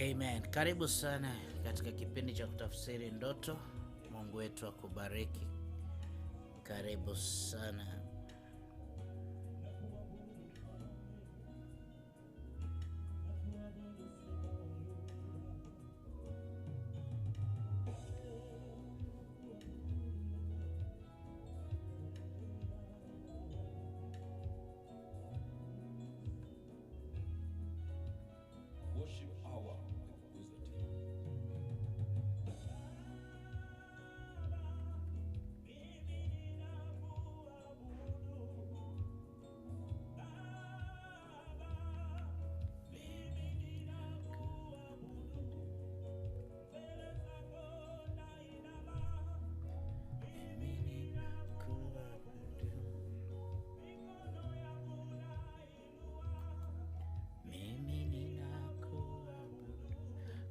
Amen. Karibu sana katika kipindi cha kutafsiri ndoto. Mungu wetu akubariki. Karibu sana.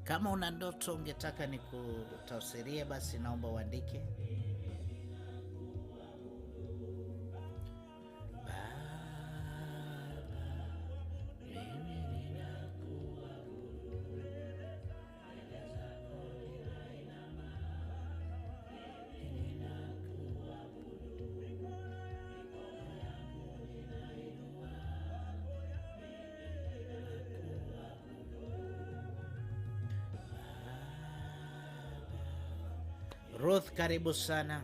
Kama una ndoto ungetaka nikutafsirie, basi naomba uandike. Ruth, karibu sana.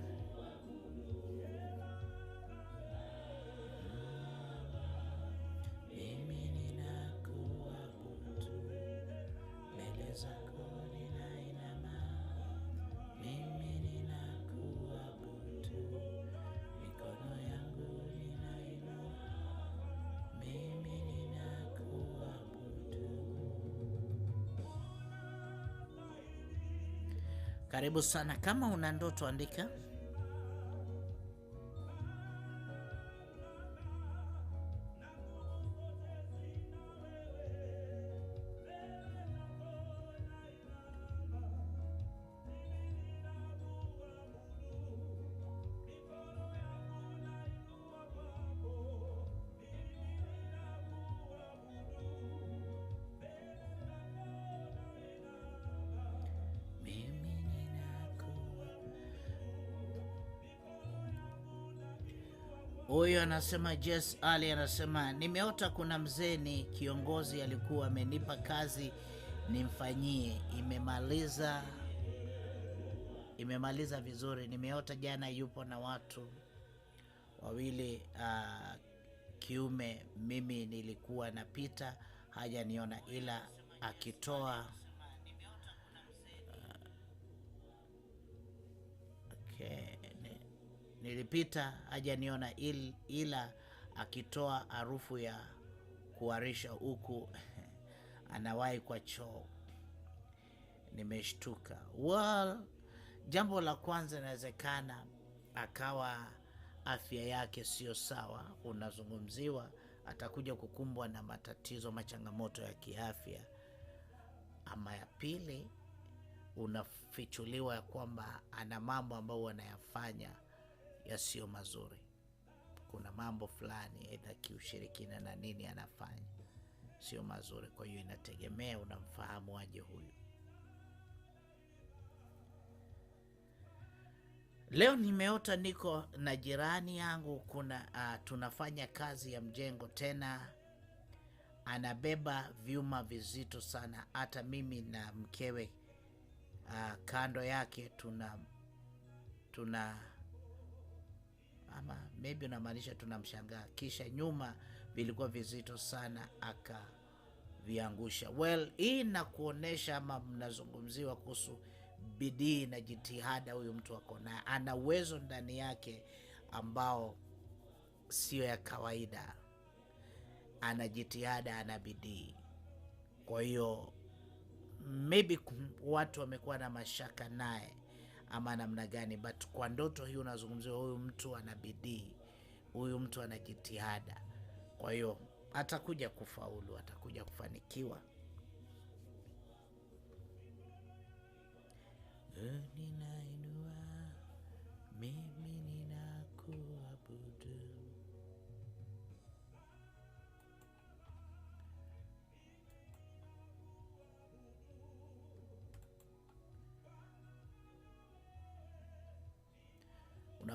Karibu sana. Kama una ndoto andika anasema jes Ali anasema nimeota kuna mzee ni kiongozi alikuwa amenipa kazi nimfanyie, imemaliza imemaliza vizuri. Nimeota jana yupo na watu wawili uh, kiume. Mimi nilikuwa napita niona ila akitoa uh, okay. Nilipita hajaniona il, ila akitoa harufu ya kuharisha huku anawahi kwa choo. Nimeshtuka. Well, jambo la kwanza inawezekana akawa afya yake sio sawa. Unazungumziwa atakuja kukumbwa na matatizo machangamoto ya kiafya, ama ya pili unafichuliwa kwamba ana mambo ambayo wanayafanya yasiyo mazuri. Kuna mambo fulani aidha kiushirikina na nini anafanya sio mazuri, kwa hiyo inategemea unamfahamu aje huyu. Leo nimeota niko na jirani yangu kuna uh, tunafanya kazi ya mjengo tena, anabeba vyuma vizito sana. Hata mimi na mkewe uh, kando yake tuna tuna ama maybe unamaanisha tunamshangaa, kisha nyuma vilikuwa vizito sana akaviangusha. Well, hii nakuonyesha ama mnazungumziwa kuhusu bidii na jitihada. Huyu mtu ako naye, ana uwezo ndani yake ambao sio ya kawaida, ana jitihada, ana bidii. Kwa hiyo maybe watu wamekuwa na mashaka naye ama namna gani, but kwa ndoto hii unazungumzia huyu mtu ana bidii, huyu mtu ana jitihada, kwa hiyo atakuja kufaulu, atakuja kufanikiwa. Eh, ninainua mimi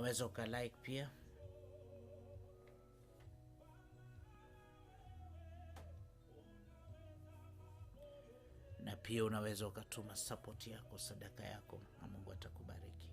unaweza ukalike pia. na pia unaweza ukatuma sapoti yako, sadaka yako, na Mungu atakubariki.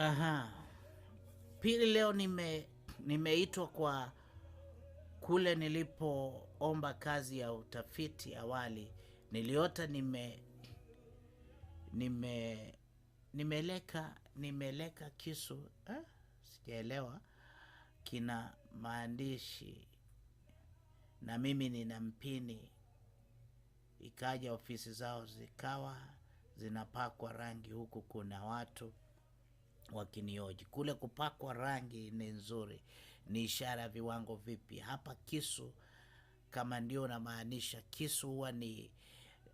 Aha. Pili, leo nime nimeitwa kwa kule nilipoomba kazi ya utafiti awali. Niliota nime nime nimeleka nimeleka kisu eh? Sijaelewa kina maandishi na mimi nina mpini. Ikaja ofisi zao zikawa zinapakwa rangi, huku kuna watu wakinioji. Kule kupakwa rangi ni nzuri, ni ishara ya viwango vipi. Hapa kisu, kama ndio unamaanisha kisu, huwa ni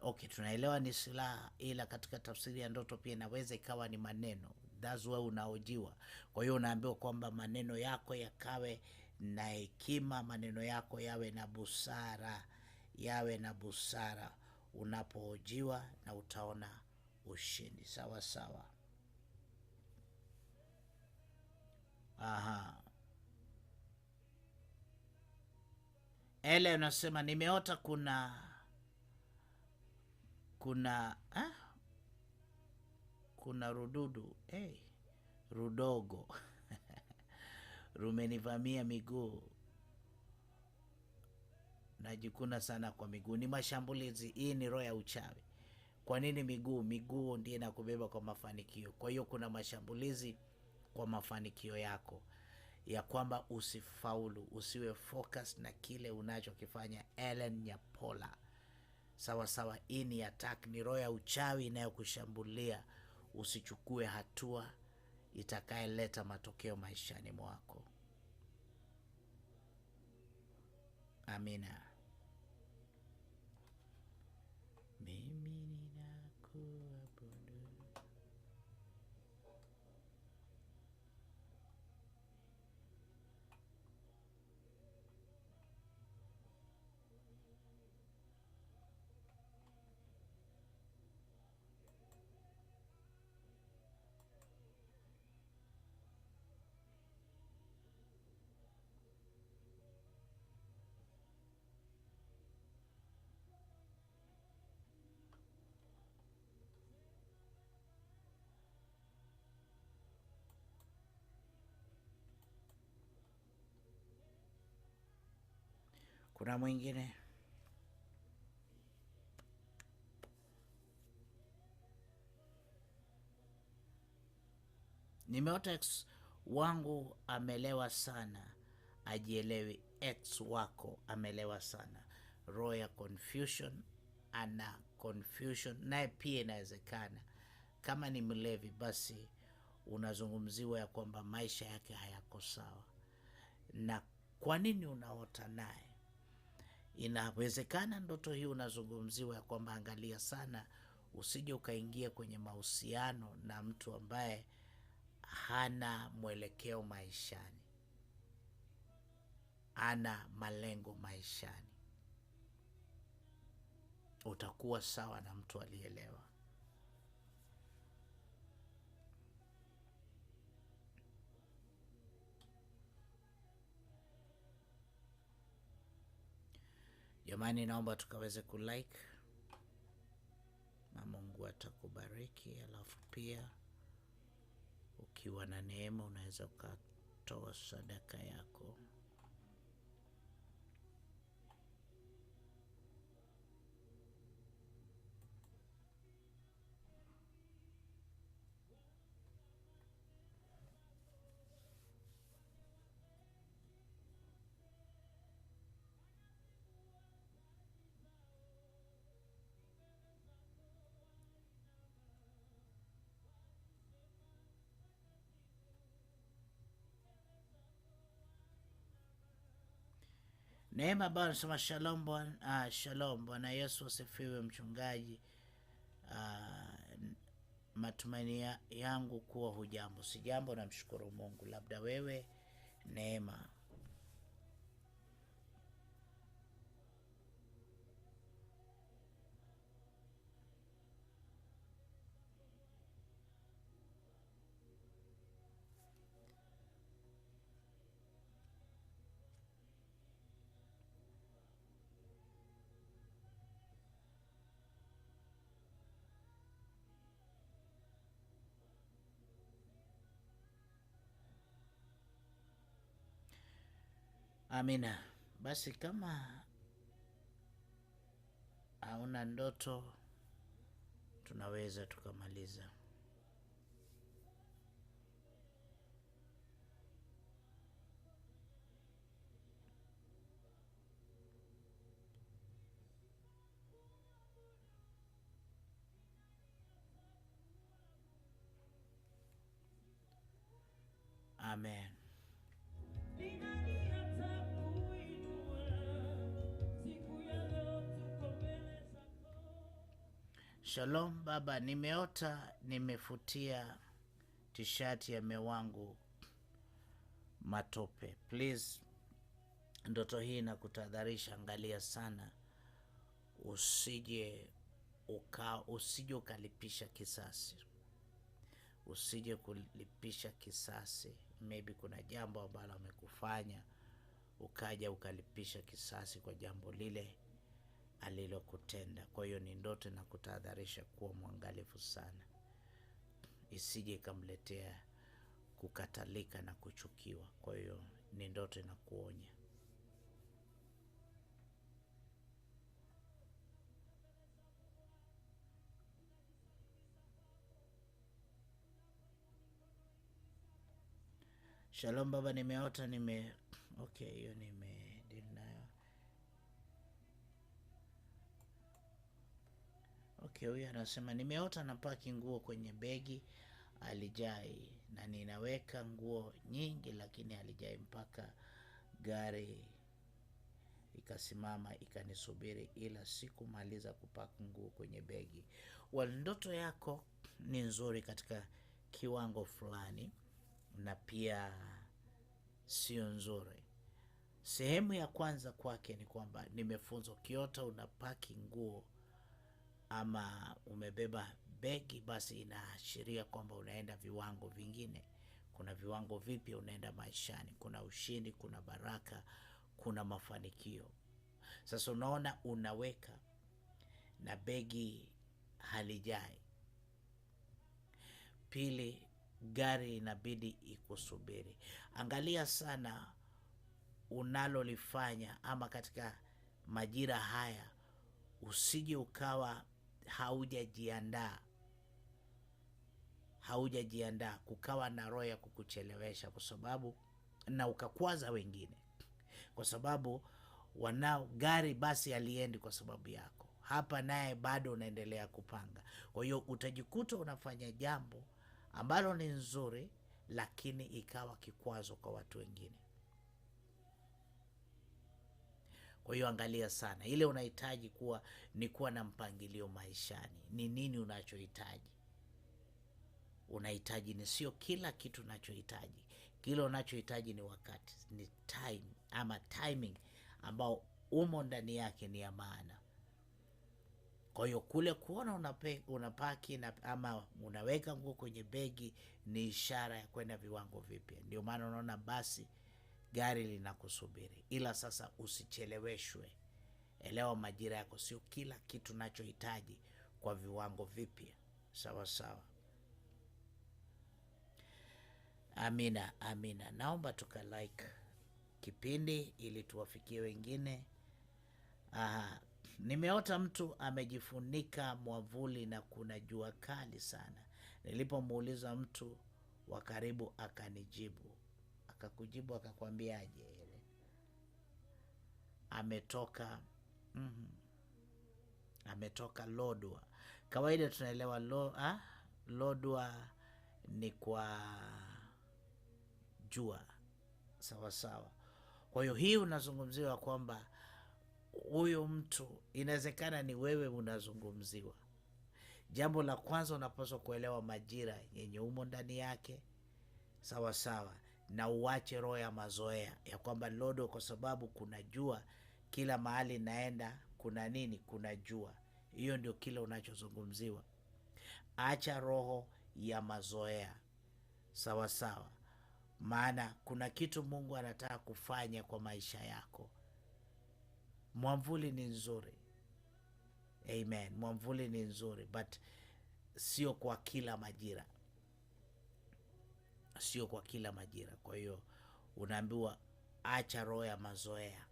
okay, tunaelewa ni silaha, ila katika tafsiri ya ndoto pia inaweza ikawa ni maneno. That's why unaojiwa. Kwa hiyo unaambiwa kwamba maneno yako yakawe na hekima, maneno yako yawe na busara, yawe na busara unapoojiwa, na utaona ushindi. Sawa sawa. Aha. Ele unasema nimeota kuna kuna ha? kuna rududu hey, rudogo rumenivamia miguu, najikuna sana kwa miguu. Ni mashambulizi, hii ni roho ya uchawi. Kwa nini miguu? Miguu ndiye nakubeba kwa mafanikio. Kwa hiyo kuna mashambulizi kwa mafanikio yako, ya kwamba usifaulu, usiwe focus na kile unachokifanya. Ellen Nyapola, sawasawa. Hii ni attack, ni roho ya uchawi inayokushambulia usichukue hatua itakayeleta matokeo maishani mwako. Amina. Kuna mwingine? Nimeota wangu amelewa sana, ajielewi. x wako amelewa sana, roho ya confusion, ana confusion naye pia. Inawezekana kama ni mlevi, basi unazungumziwa ya kwamba maisha yake hayako sawa. Na kwa nini unaota naye? inawezekana ndoto hii unazungumziwa ya kwamba, angalia sana usije ukaingia kwenye mahusiano na mtu ambaye hana mwelekeo maishani, hana malengo maishani. Utakuwa sawa na mtu aliyelewa. Jamani, naomba tukaweze kulike na Mungu atakubariki. Alafu pia ukiwa na neema unaweza ukatoa sadaka yako. Neema ambayo anasema shalom bwana ah, shalom Bwana Yesu asifiwe mchungaji. Ah, matumaini yangu kuwa hujambo. si jambo namshukuru Mungu. Labda wewe Neema Amina. Basi kama hauna ndoto, tunaweza tukamaliza. Amen. Shalom baba, nimeota nimefutia tishati ya mme wangu matope. Please, ndoto hii inakutahadharisha, angalia sana usije uka, usije ukalipisha kisasi, usije kulipisha kisasi. Maybe kuna jambo ambalo amekufanya ukaja ukalipisha kisasi kwa jambo lile alilokutenda. Kwa hiyo ni ndoto na kutahadharisha kuwa mwangalifu sana, isije ikamletea kukatalika na kuchukiwa. Kwa hiyo ni ndoto na kuonya. Shalom baba, nimeota nime okay, hiyo nime Okay, huyu anasema nimeota napaki nguo kwenye begi alijai, na ninaweka nguo nyingi, lakini alijai mpaka gari ikasimama ikanisubiri, ila sikumaliza kupaka nguo kwenye begi. Well, ndoto yako ni nzuri katika kiwango fulani, na pia sio nzuri. Sehemu ya kwanza kwake ni kwamba nimefunzwa, ukiota unapaki nguo ama umebeba begi, basi inaashiria kwamba unaenda viwango vingine. Kuna viwango vipya unaenda maishani, kuna ushindi, kuna baraka, kuna mafanikio. Sasa unaona, unaweka na begi halijai. Pili, gari inabidi ikusubiri. Angalia sana unalolifanya, ama katika majira haya usije ukawa haujajiandaa, haujajiandaa, kukawa na roho ya kukuchelewesha, kwa sababu na ukakwaza wengine, kwa sababu wanao gari basi aliendi kwa sababu yako, hapa naye bado unaendelea kupanga. Kwa hiyo utajikuta unafanya jambo ambalo ni nzuri, lakini ikawa kikwazo kwa watu wengine. Kwa hiyo angalia sana ile unahitaji kuwa ni kuwa na mpangilio maishani. Ni nini unachohitaji? Unahitaji ni sio kila kitu unachohitaji. Kile unachohitaji ni wakati, ni time ama timing ambao umo ndani yake ni ya maana. Kwa hiyo kule kuona unape, unapaki na, ama unaweka nguo kwenye begi ni ishara ya kwenda viwango vipya. Ndio maana unaona basi gari linakusubiri, ila sasa usicheleweshwe. Elewa majira yako, sio kila kitu nachohitaji kwa viwango vipya. Sawa sawa. Amina, amina. Naomba tuka like kipindi ili tuwafikie wengine. Aha. Nimeota mtu amejifunika mwavuli na kuna jua kali sana. Nilipomuuliza mtu wa karibu akanijibu akakujibu akakwambiaje? Ile ametoka mm, ametoka Lodwa. Kawaida tunaelewa lo, ah, Lodwa ni kwa jua, sawa sawa. Kwa hiyo hii unazungumziwa kwamba huyu mtu inawezekana ni wewe unazungumziwa. Jambo la kwanza unapaswa kuelewa majira yenye umo ndani yake, sawa sawa, na uache roho ya mazoea ya kwamba Lodo, kwa sababu kuna jua kila mahali naenda, kuna nini? Kuna jua. Hiyo ndio kile unachozungumziwa. Acha roho ya mazoea, sawa sawa, maana kuna kitu Mungu anataka kufanya kwa maisha yako. Mwamvuli ni nzuri, amen. Mwamvuli ni nzuri, but sio kwa kila majira sio kwa kila majira. Kwa hiyo unaambiwa acha roho ya mazoea,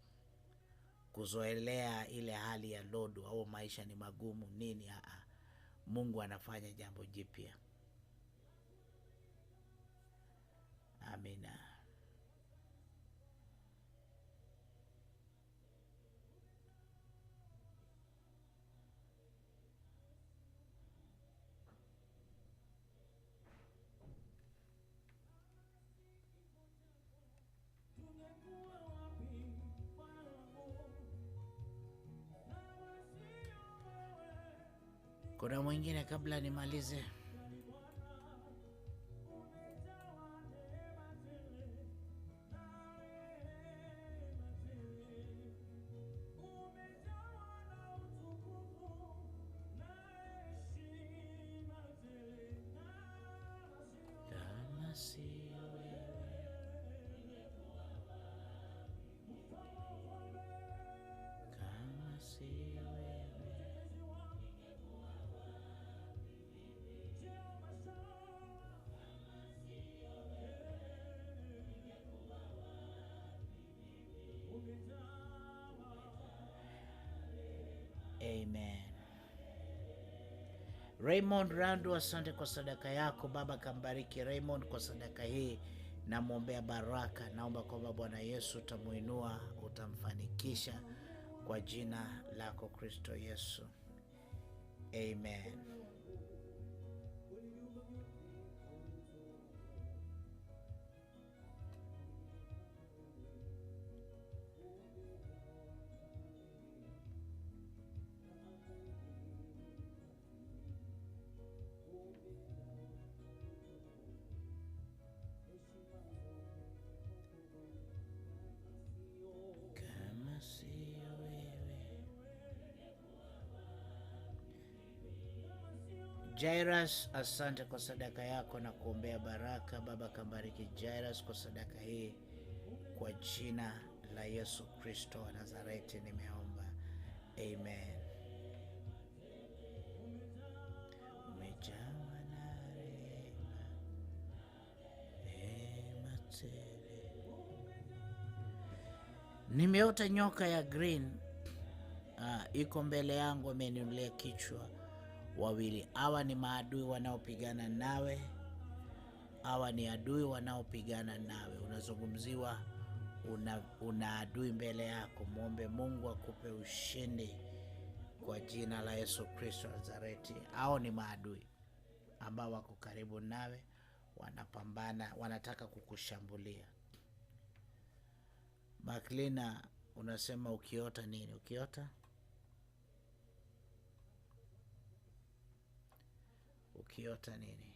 kuzoelea ile hali ya lodo au maisha ni magumu nini. Aa, Mungu anafanya jambo jipya. Amina. Kuna mwingine kabla nimalize? Raymond Rando, asante kwa sadaka yako Baba, kambariki Raymond kwa sadaka hii, namwombea baraka. Naomba kwamba Bwana Yesu utamuinua, utamfanikisha kwa jina lako Kristo Yesu, amen. Jairus, asante kwa sadaka yako na kuombea baraka. Baba, kambariki Jairus kwa sadaka hii, kwa jina la Yesu Kristo wa Nazareti nimeomba, amen. Nimeota nyoka ya green, uh, iko mbele yangu, ameniulia kichwa wawili. Hawa ni maadui wanaopigana nawe, hawa ni adui wanaopigana nawe. Unazungumziwa, una, una adui mbele yako. Mwombe Mungu akupe ushindi kwa jina la Yesu Kristo Nazareti. Hao ni maadui ambao wako karibu nawe, wanapambana, wanataka kukushambulia. Maklina, unasema ukiota nini? Ukiota kijött a néni.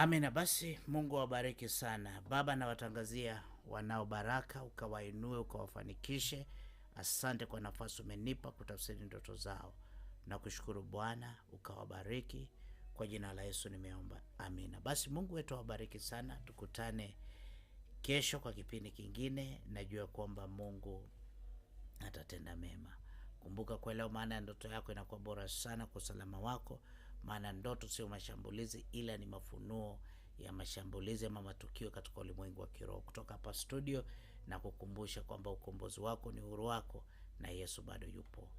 Amina. Basi Mungu awabariki sana. Baba, nawatangazia wanao baraka, ukawainue ukawafanikishe. Asante kwa nafasi umenipa kutafsiri ndoto zao na kushukuru Bwana, ukawabariki kwa jina la Yesu nimeomba, amina. Basi Mungu wetu awabariki sana, tukutane kesho kwa kipindi kingine. Najua kwamba Mungu atatenda mema. Kumbuka, kuelewa maana ya ndoto yako inakuwa bora sana kwa usalama wako maana ndoto sio mashambulizi, ila ni mafunuo ya mashambulizi ama matukio katika ulimwengu wa kiroho. Kutoka hapa studio na kukumbusha kwamba ukombozi wako ni uhuru wako, na Yesu bado yupo.